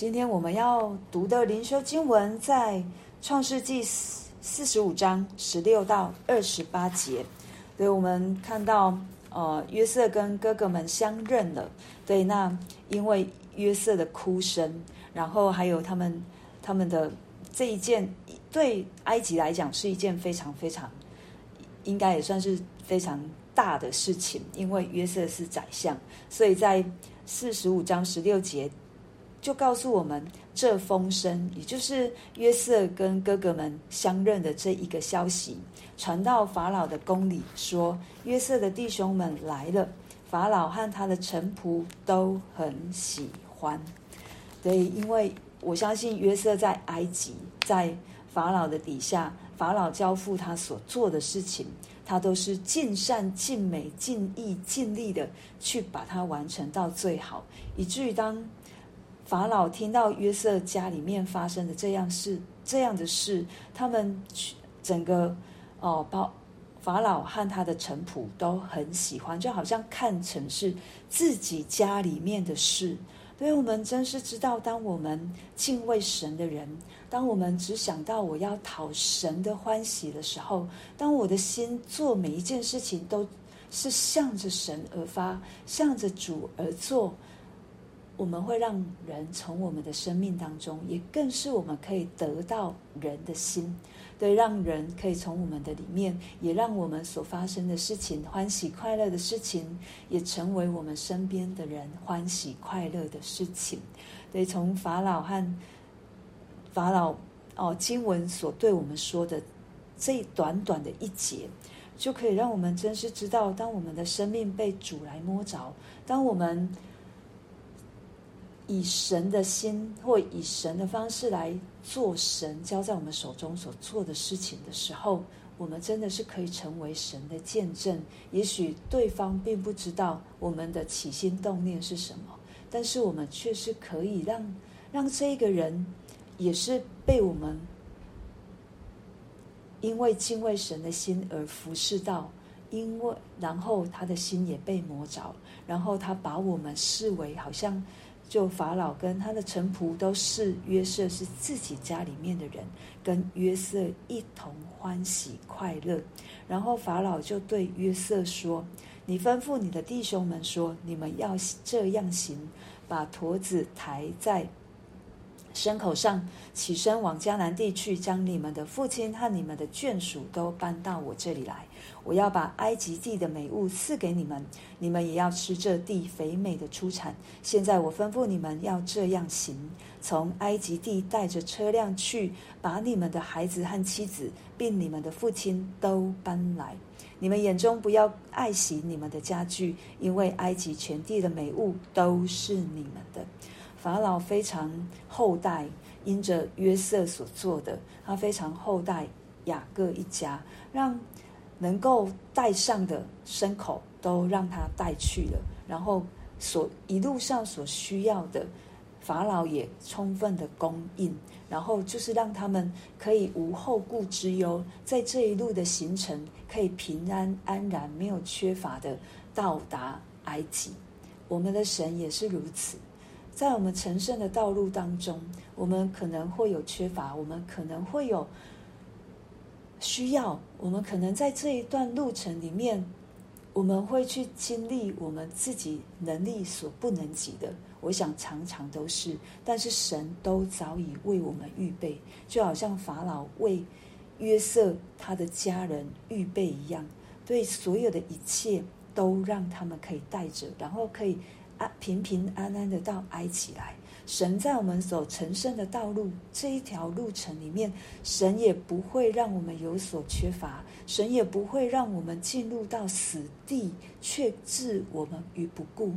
今天我們要讀的靈修經文在創世記四四十五章十六到二十八節，對，我們看到，呃，約瑟跟哥哥們相認了。對，那因為約瑟的哭聲，然後還有他們他們的這一件，對埃及來講是一件非常非常，應該也算是非常大的事情，因為約瑟是宰相，所以在四十五章十六節。就告訴我們，這風聲也就是約瑟跟哥哥們相認的這一個消息，傳到法老的宮裡說，說約瑟的弟兄們來了。法老和他的臣僕都很喜歡。所以，因為我相信約瑟在埃及，在法老的底下，法老交付他所做的事情，他都是盡善盡美、盡意盡力的去把它完成到最好，以至於當。法老聽到約瑟家裡面發生的這樣事，這樣的事，他們整個哦，包法老和他的臣僕都很喜歡，就好像看成是自己家裡面的事。所以，我們真是知道，當我們敬畏神的人，當我們只想到我要討神的歡喜的時候，當我的心做每一件事情，都是向着神而發，向着主而做。我們會讓人從我們的生命當中，也更是我們可以得到人的心，對，讓人可以從我們的裡面，也讓我們所發生的事情，歡喜快樂的事情，也成為我們身邊的人歡喜快樂的事情。對，從法老和法老哦，經文所對我們說的這短短的一節，就可以讓我們真是知道，當我們的生命被主來摸着，當我們。以神的心或以神的方式來做神交在我們手中所做的事情的時候，我們真的是可以成為神的見證。也許對方並不知道我們的起心動念是什麼，但是我們卻是可以讓讓這一個人也是被我們因為敬畏神的心而服侍到，因為然後他的心也被摸著，然後他把我們視為好像。就法老跟他的臣僕都是約瑟是自己家裡面的人，跟約瑟一同歡喜快樂。然後法老就對約瑟說：“你吩咐你的弟兄們說，你們要這樣行，把馱子抬在。”牲口上，起身往迦南地去，將你們的父親和你們的眷屬都搬到我這裡來。我要把埃及地的美物賜給你們，你們也要吃這地肥美的出產。現在我吩咐你們要這樣行：從埃及地帶着車輛去，把你們的孩子和妻子，並你們的父親都搬來。你們眼中不要愛惜你們的家具，因為埃及全地的美物都是你們的。法老非常厚待，因着約瑟所做的，他非常厚待雅各一家，讓能夠帶上的牲口都讓他帶去了，然後所一路上所需要的，法老也充分的供應，然後就是讓他們可以無後顧之憂，在這一路的行程可以平安安然，沒有缺乏的到達埃及。我們的神也是如此。在我們成聖的道路當中，我們可能會有缺乏，我們可能會有需要，我們可能在這一段路程裡面，我們會去經歷我們自己能力所不能及的。我想常常都是，但是神都早已為我們預備，就好像法老為約瑟他的家人預備一樣，對所有的一切都讓他們可以帶着，然後可以。平平安安的到埃及來，神在我們所成聖的道路這一條路程裡面，神也不會讓我們有所缺乏，神也不會讓我們進入到死地卻置我們於不顧，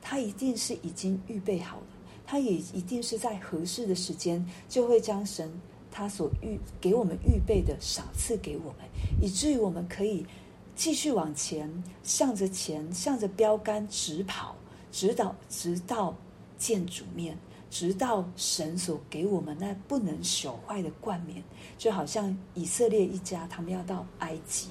他一定是已經預備好了，他也一定是在合適的時間就會將神他所預給我們預備的賞賜給我們，以至於我們可以繼續往前，向着前，向着標杆直跑。直到直到見主面，直到神所給我們那不能朽壞的冠冕，就好像以色列一家，他們要到埃及，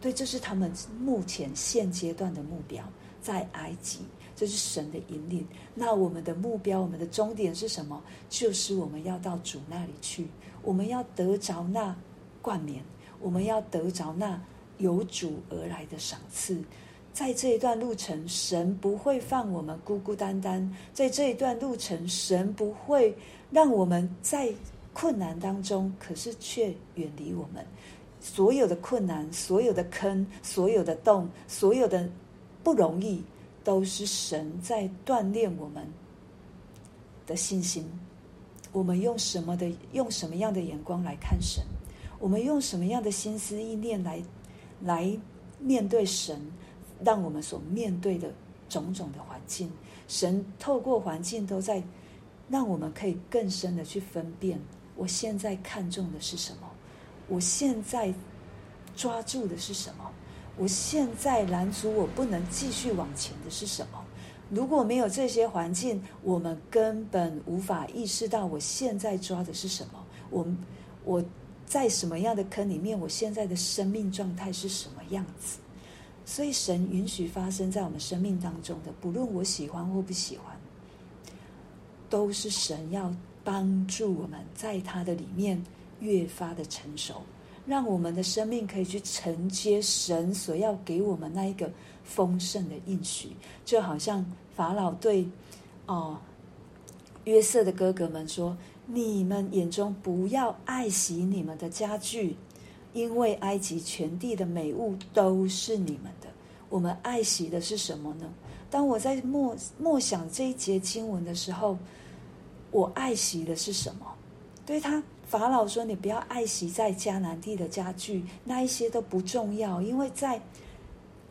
對，這是他們目前現階段的目標，在埃及，這是神的引領。那我們的目標，我們的終點是什麼？就是我們要到主那裡去，我們要得着那冠冕，我們要得着那由主而來的賞賜。在這一段路程，神不會放我們孤孤單單；在這一段路程，神不會讓我們在困難當中，可是卻遠離我們。所有的困難、所有的坑、所有的洞、所有的不容易，都是神在鍛鍊我們的信心。我們用什麼的？用什麼樣的眼光來看神？我們用什麼樣的心思意念來來面對神？讓我們所面對的種種的環境，神透過環境都在讓我們可以更深的去分辨：我現在看重的是什麼？我現在抓住的是什麼？我現在攔阻我不能繼續往前的是什麼？如果沒有這些環境，我們根本無法意識到我現在抓的是什麼？我我在什麼樣的坑裡面？我現在的生命狀態是什麼樣子？所以，神允許發生在我們生命當中的，不論我喜歡或不喜歡，都是神要幫助我們，在他的裡面越發的成熟，讓我們的生命可以去承接神所要給我們那一個豐盛的應許。就好像法老對哦、呃、約瑟的哥哥們說：“你們眼中不要愛惜你們的家具。”因為埃及全地的美物都是你們的，我們愛惜的是什麼呢？當我在默默想這一節經文的時候，我愛惜的是什麼？對他，法老說：“你不要愛惜在迦南地的家具，那一些都不重要，因為在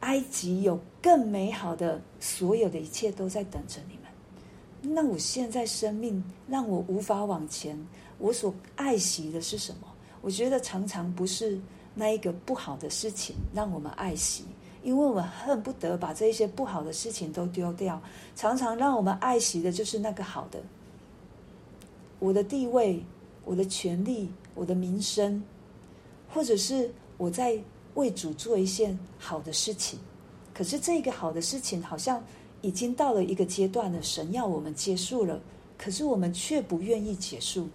埃及有更美好的，所有的一切都在等着你們。”那我現在生命讓我無法往前，我所愛惜的是什麼？我覺得常常不是那一個不好的事情讓我們愛惜，因為我們恨不得把這些不好的事情都丟掉。常常讓我們愛惜的就是那個好的，我的地位、我的權利、我的名聲，或者是我在為主做一件好的事情。可是這個好的事情好像已經到了一個階段了，神要我們結束了，可是我們卻不願意結束。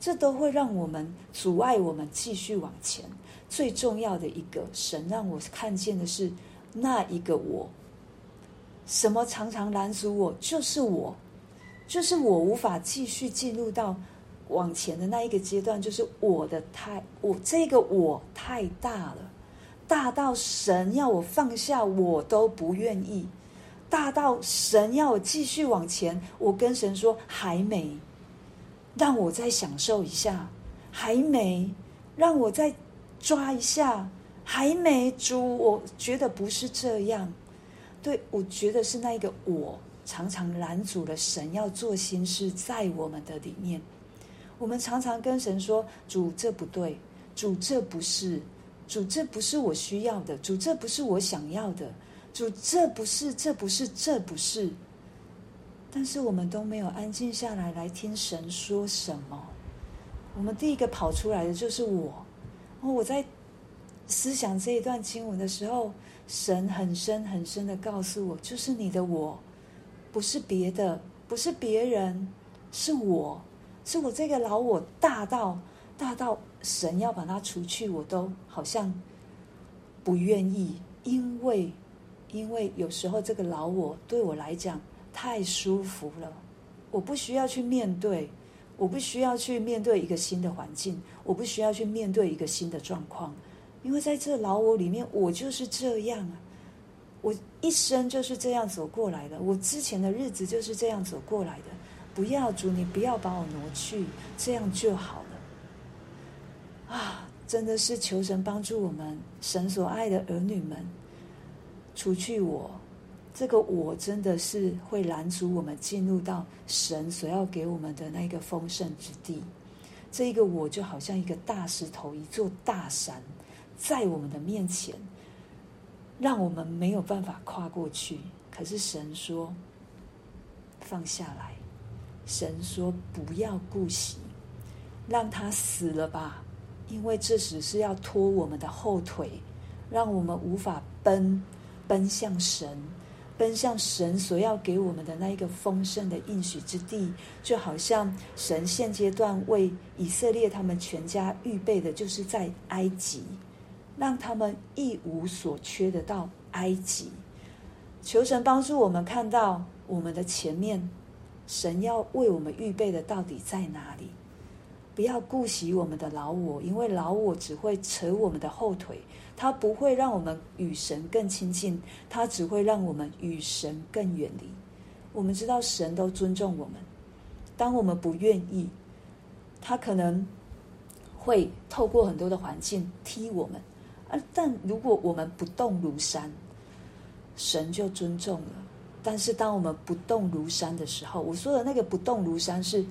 這都會讓我們阻礙我們繼續往前。最重要的一個，神讓我看見的是那一個我。什麼常常攔阻我？就是我，就是我無法繼續進入到往前的那一個階段。就是我的太我，這個我太大了，大到神要我放下，我都不願意，大到神要我繼續往前，我跟神說還沒。讓我再享受一下，還沒，讓我再抓一下，還沒主，我覺得不是這樣，對，我覺得是那一個我常常攔阻了神要做心事在我們的裡面。我們常常跟神說：“主，這不對，主這，不是，主這不是我需要的，主這不是我想要的，主這不是，這不是，這不是。”但是我們都沒有安靜下來來聽神說什麼。我們第一個跑出來的就是我。我在思想這一段經文的時候，神很深很深的告訴我：“就是你的我，不是別的，不是別人，是我，是我這個老我大到大到神要把它除去，我都好像不願意，因為因為有時候這個老我對我來講。”太舒服了，我不需要去面對，我不需要去面對一個新的環境，我不需要去面對一個新的狀況，因為在這老屋裡面，我就是這樣啊，我一生就是這樣走過來的，我之前的日子就是這樣走過來的。不要，主，你不要把我挪去，這樣就好了。啊，真的是求神幫助我們，神所愛的兒女們，除去我。這個我真的是會攔阻我們進入到神所要給我們的那個豐盛之地。這一個我就好像一個大石頭，一座大山，在我們的面前，讓我們沒有辦法跨過去。可是神說：“放下來。”神說：“不要顧惜，讓他死了吧，因為這只是要拖我們的後腿，讓我們無法奔奔向神。”奔向神所要給我們的那一個豐盛的應許之地，就好像神現階段為以色列他們全家預備的，就是在埃及，讓他們一無所缺的到埃及。求神幫助我們看到我們的前面，神要為我們預備的到底在哪裡？不要顧及我們的老我，因為老我只會扯我們的後腿，他不會讓我們與神更親近，他只會讓我們與神更遠離。我們知道神都尊重我們，當我們不願意，他可能會透過很多的環境踢我們，而但如果我們不動如山，神就尊重了。但是當我們不動如山的時候，我說的那個不動如山是。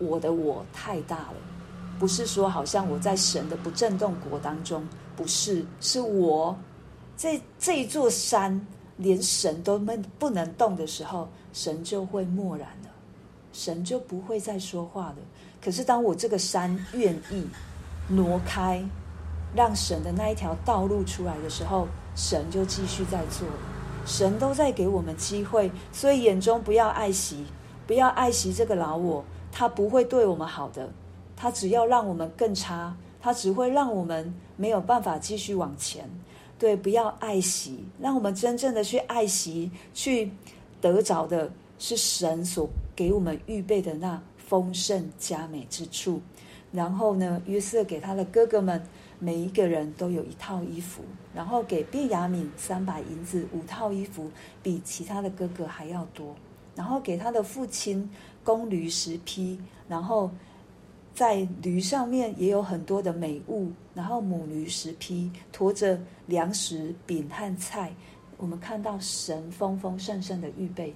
我的我太大了，不是說好像我在神的不震動國當中，不是，是我這這座山連神都沒不能動的時候，神就會默然了，神就不會再說話了。可是當我這個山願意挪開，讓神的那一條道路出來的時候，神就繼續在做，神都在給我們機會，所以眼中不要愛惜，不要愛惜這個老我。他不會對我們好的，他只要讓我們更差，他只會讓我們沒有辦法繼續往前。對，不要愛惜，讓我們真正的去愛惜，去得着的是神所給我們預備的那豐盛、佳美之處。然後呢，約瑟給他的哥哥們每一個人都有一套衣服，然後給便雅憫三百銀子、五套衣服，比其他的哥哥還要多，然後給他的父親。公驢十匹，然後在驢上面也有很多的美物，然後母驢十匹，馱着糧食餅和菜。我們看到神豐豐盛盛的預備，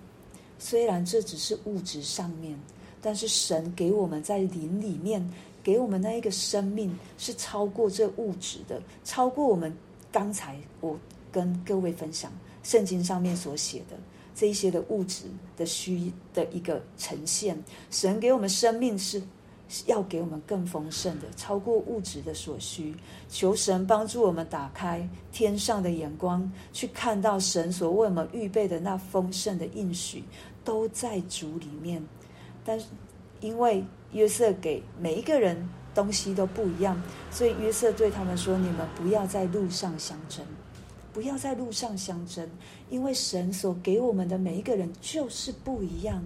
雖然這只是物質上面，但是神給我們在靈裡面給我們那一個生命，是超過這物質的，超過我們剛才我跟各位分享聖經上面所寫的。這些的物質的需的一個呈現，神給我們生命是要給我們更豐盛的，超過物質的所需。求神幫助我們打開天上的眼光，去看到神所為我們預備的那豐盛的應許都在主裡面。但是，因為約瑟給每一個人東西都不一樣，所以約瑟對他們說：“你們不要在路上相爭。”不要在路上相爭，因為神所給我們的每一個人就是不一樣，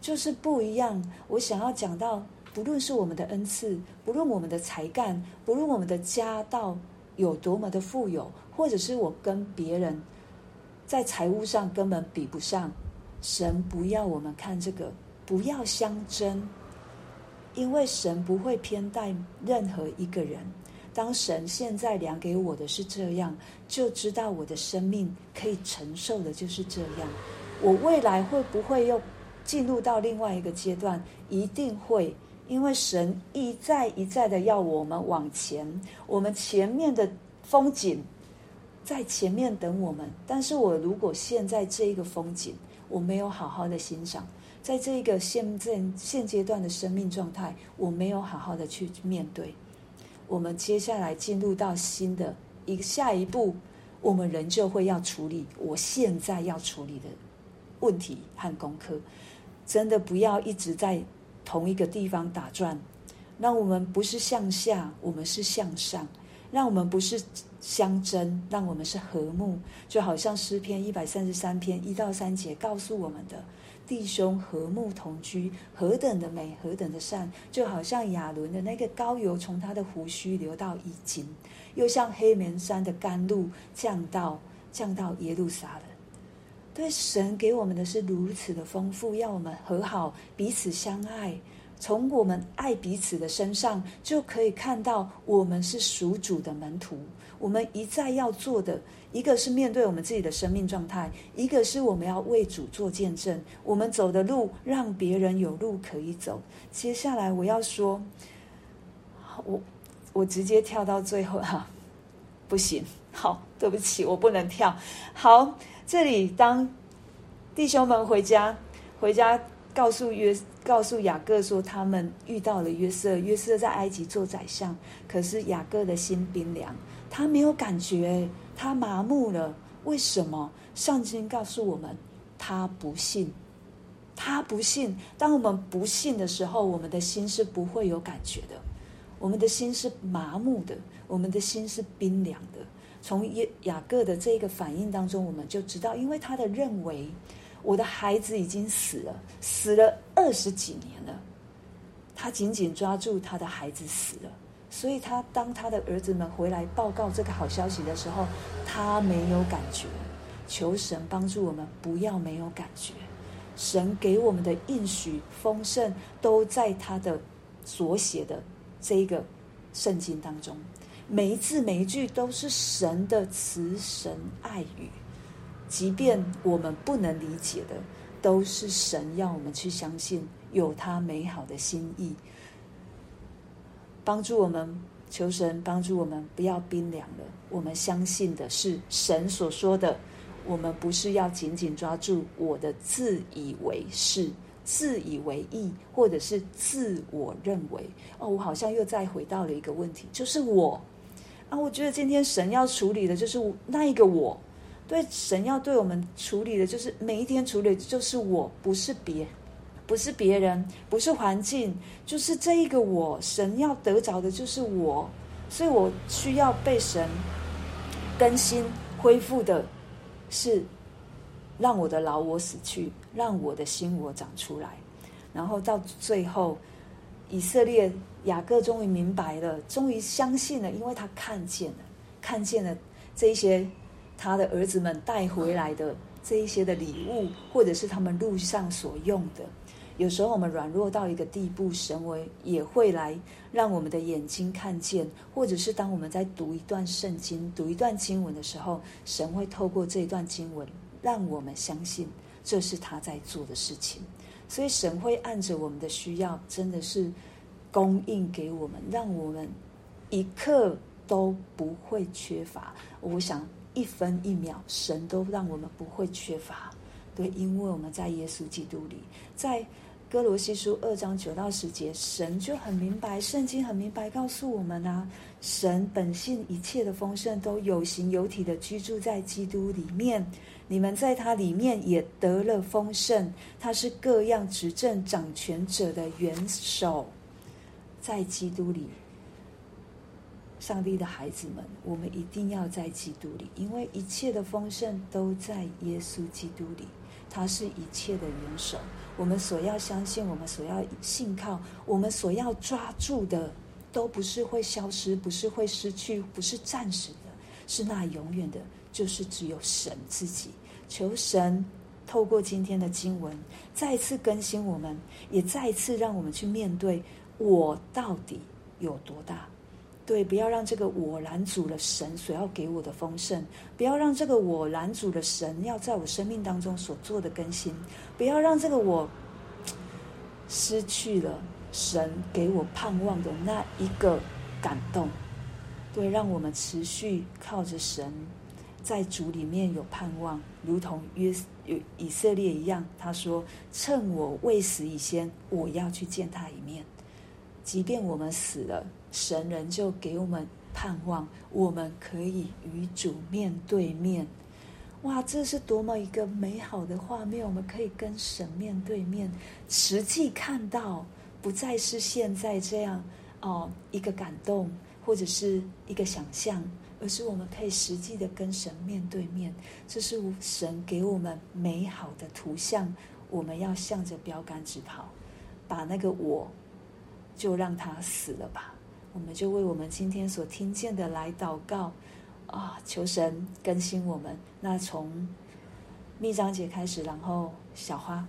就是不一樣。我想要講到，不論是我們的恩賜，不論我們的才幹，不論我們的家道有多麼的富有，或者是我跟別人在財務上根本比不上，神不要我們看這個，不要相爭，因為神不會偏待任何一個人。當神現在量給我的是這樣，就知道我的生命可以承受的就是這樣。我未來會不會又進入到另外一個階段？一定會，因為神一再一再的要我們往前，我們前面的風景在前面等我們。但是我如果現在這一個風景我沒有好好的欣賞，在這一個現現階段的生命狀態，我沒有好好的去面對。我們接下來進入到新的一下一步，我們人就會要處理我現在要處理的問題和功課。真的不要一直在同一個地方打轉。讓我們不是向下，我們是向上；讓我們不是相爭，讓我們是和睦。就好像詩篇一百三十三篇一到三節告訴我們的。弟兄和睦同居，何等的美，何等的善，就好像亞倫的那個膏油從他的鬍鬚流到衣襟，又像黑棉山的甘露降到降到耶路撒冷。對，神給我們的是如此的豐富，要我們和好彼此相愛。從我們愛彼此的身上，就可以看到我們是屬主的門徒。我們一再要做的。一個是面對我們自己的生命狀態，一個是我們要為主做見證。我們走的路，讓別人有路可以走。接下來我要說，我我直接跳到最後哈、啊，不行，好，對不起，我不能跳。好，這裡當弟兄們回家，回家告訴約告訴雅各說，他們遇到了約瑟，約瑟在埃及做宰相。可是雅各的心冰涼，他沒有感覺。他麻木了，為什麼？聖經告訴我們，他不信，他不信。當我們不信的時候，我們的心是不會有感覺的，我們的心是麻木的，我們的心是冰涼的。從雅各的這個反應當中，我們就知道，因為他的認為，我的孩子已經死了，死了二十幾年了，他緊緊抓住他的孩子死了。所以，他當他的兒子們回來報告，這個好消息的時候，他沒有感覺。求神幫助我們，不要沒有感覺。神給我們的應許豐盛，都在他的所寫的這一個聖經當中，每一字每一句都是神的慈神愛語。即便我們不能理解的，都是神要我們去相信，有他美好的心意。幫助我們求神，幫助我們不要冰涼了。我們相信的是神所說的，我們不是要緊緊抓住我的自以為是、自以為意，或者是自我認為。哦，我好像又再回到了一個問題，就是我啊，我覺得今天神要處理的就是那一個我，對，神要對我們處理的就是每一天處理的就是我，不是別。不是別人，不是環境，就是這一個我。神要得着的，就是我，所以我需要被神更新、恢復的，是讓我的老我死去，讓我的新我長出來。然後到最後，以色列雅各終於明白了，終於相信了，因為他看見了，看見了這一些他的兒子們帶回來的這一些的禮物，或者是他們路上所用的。有時候我們軟弱到一個地步，神會也會來讓我們的眼睛看見；或者是當我們在讀一段聖經、讀一段經文的時候，神會透過這一段經文讓我們相信這是他在做的事情。所以神會按着我們的需要，真的是供應給我們，讓我們一刻都不會缺乏。我想一分一秒，神都讓我們不會缺乏。對，因為我們在耶穌基督裡，在。哥羅西書二章九到十節，神就很明白，聖經很明白告訴我們啊，神本性一切的豐盛都有形有體的居住在基督裡面，你們在祂裡面也得了豐盛，他是各樣執政掌權者的元首，在基督裡。上帝的孩子們，我們一定要在基督裡，因為一切的豐盛都在耶穌基督裡，祂是一切的元首。我們所要相信，我們所要信靠，我們所要抓住的，都不是會消失，不是會失去，不是暫時的，是那永遠的，就是只有神自己。求神透過今天的經文，再一次更新我們，也再一次讓我們去面對：我到底有多大？對，不要讓這個我攔阻了神所要給我的豐盛；不要讓這個我攔阻了神要在我生命當中所做的更新；不要讓這個我失去了神給我盼望的那一個感動。對，讓我們持續靠着神，在主裡面有盼望，如同雅各以色列一樣。他說：“趁我未死以前，我要去見他一面。”即便我們死了。神人就給我們盼望，我們可以與主面對面。哇，這是多麼一個美好的畫面！我們可以跟神面對面，實際看到，不再是現在這樣哦一個感動或者是一個想象，而是我們可以實際的跟神面對面。這是神給我們美好的圖像，我們要向着標杆直跑，把那個我就讓他死了吧。我們就為我們今天所聽見的來禱告，啊，求神更新我們。那從蜜章姐開始，然後小花。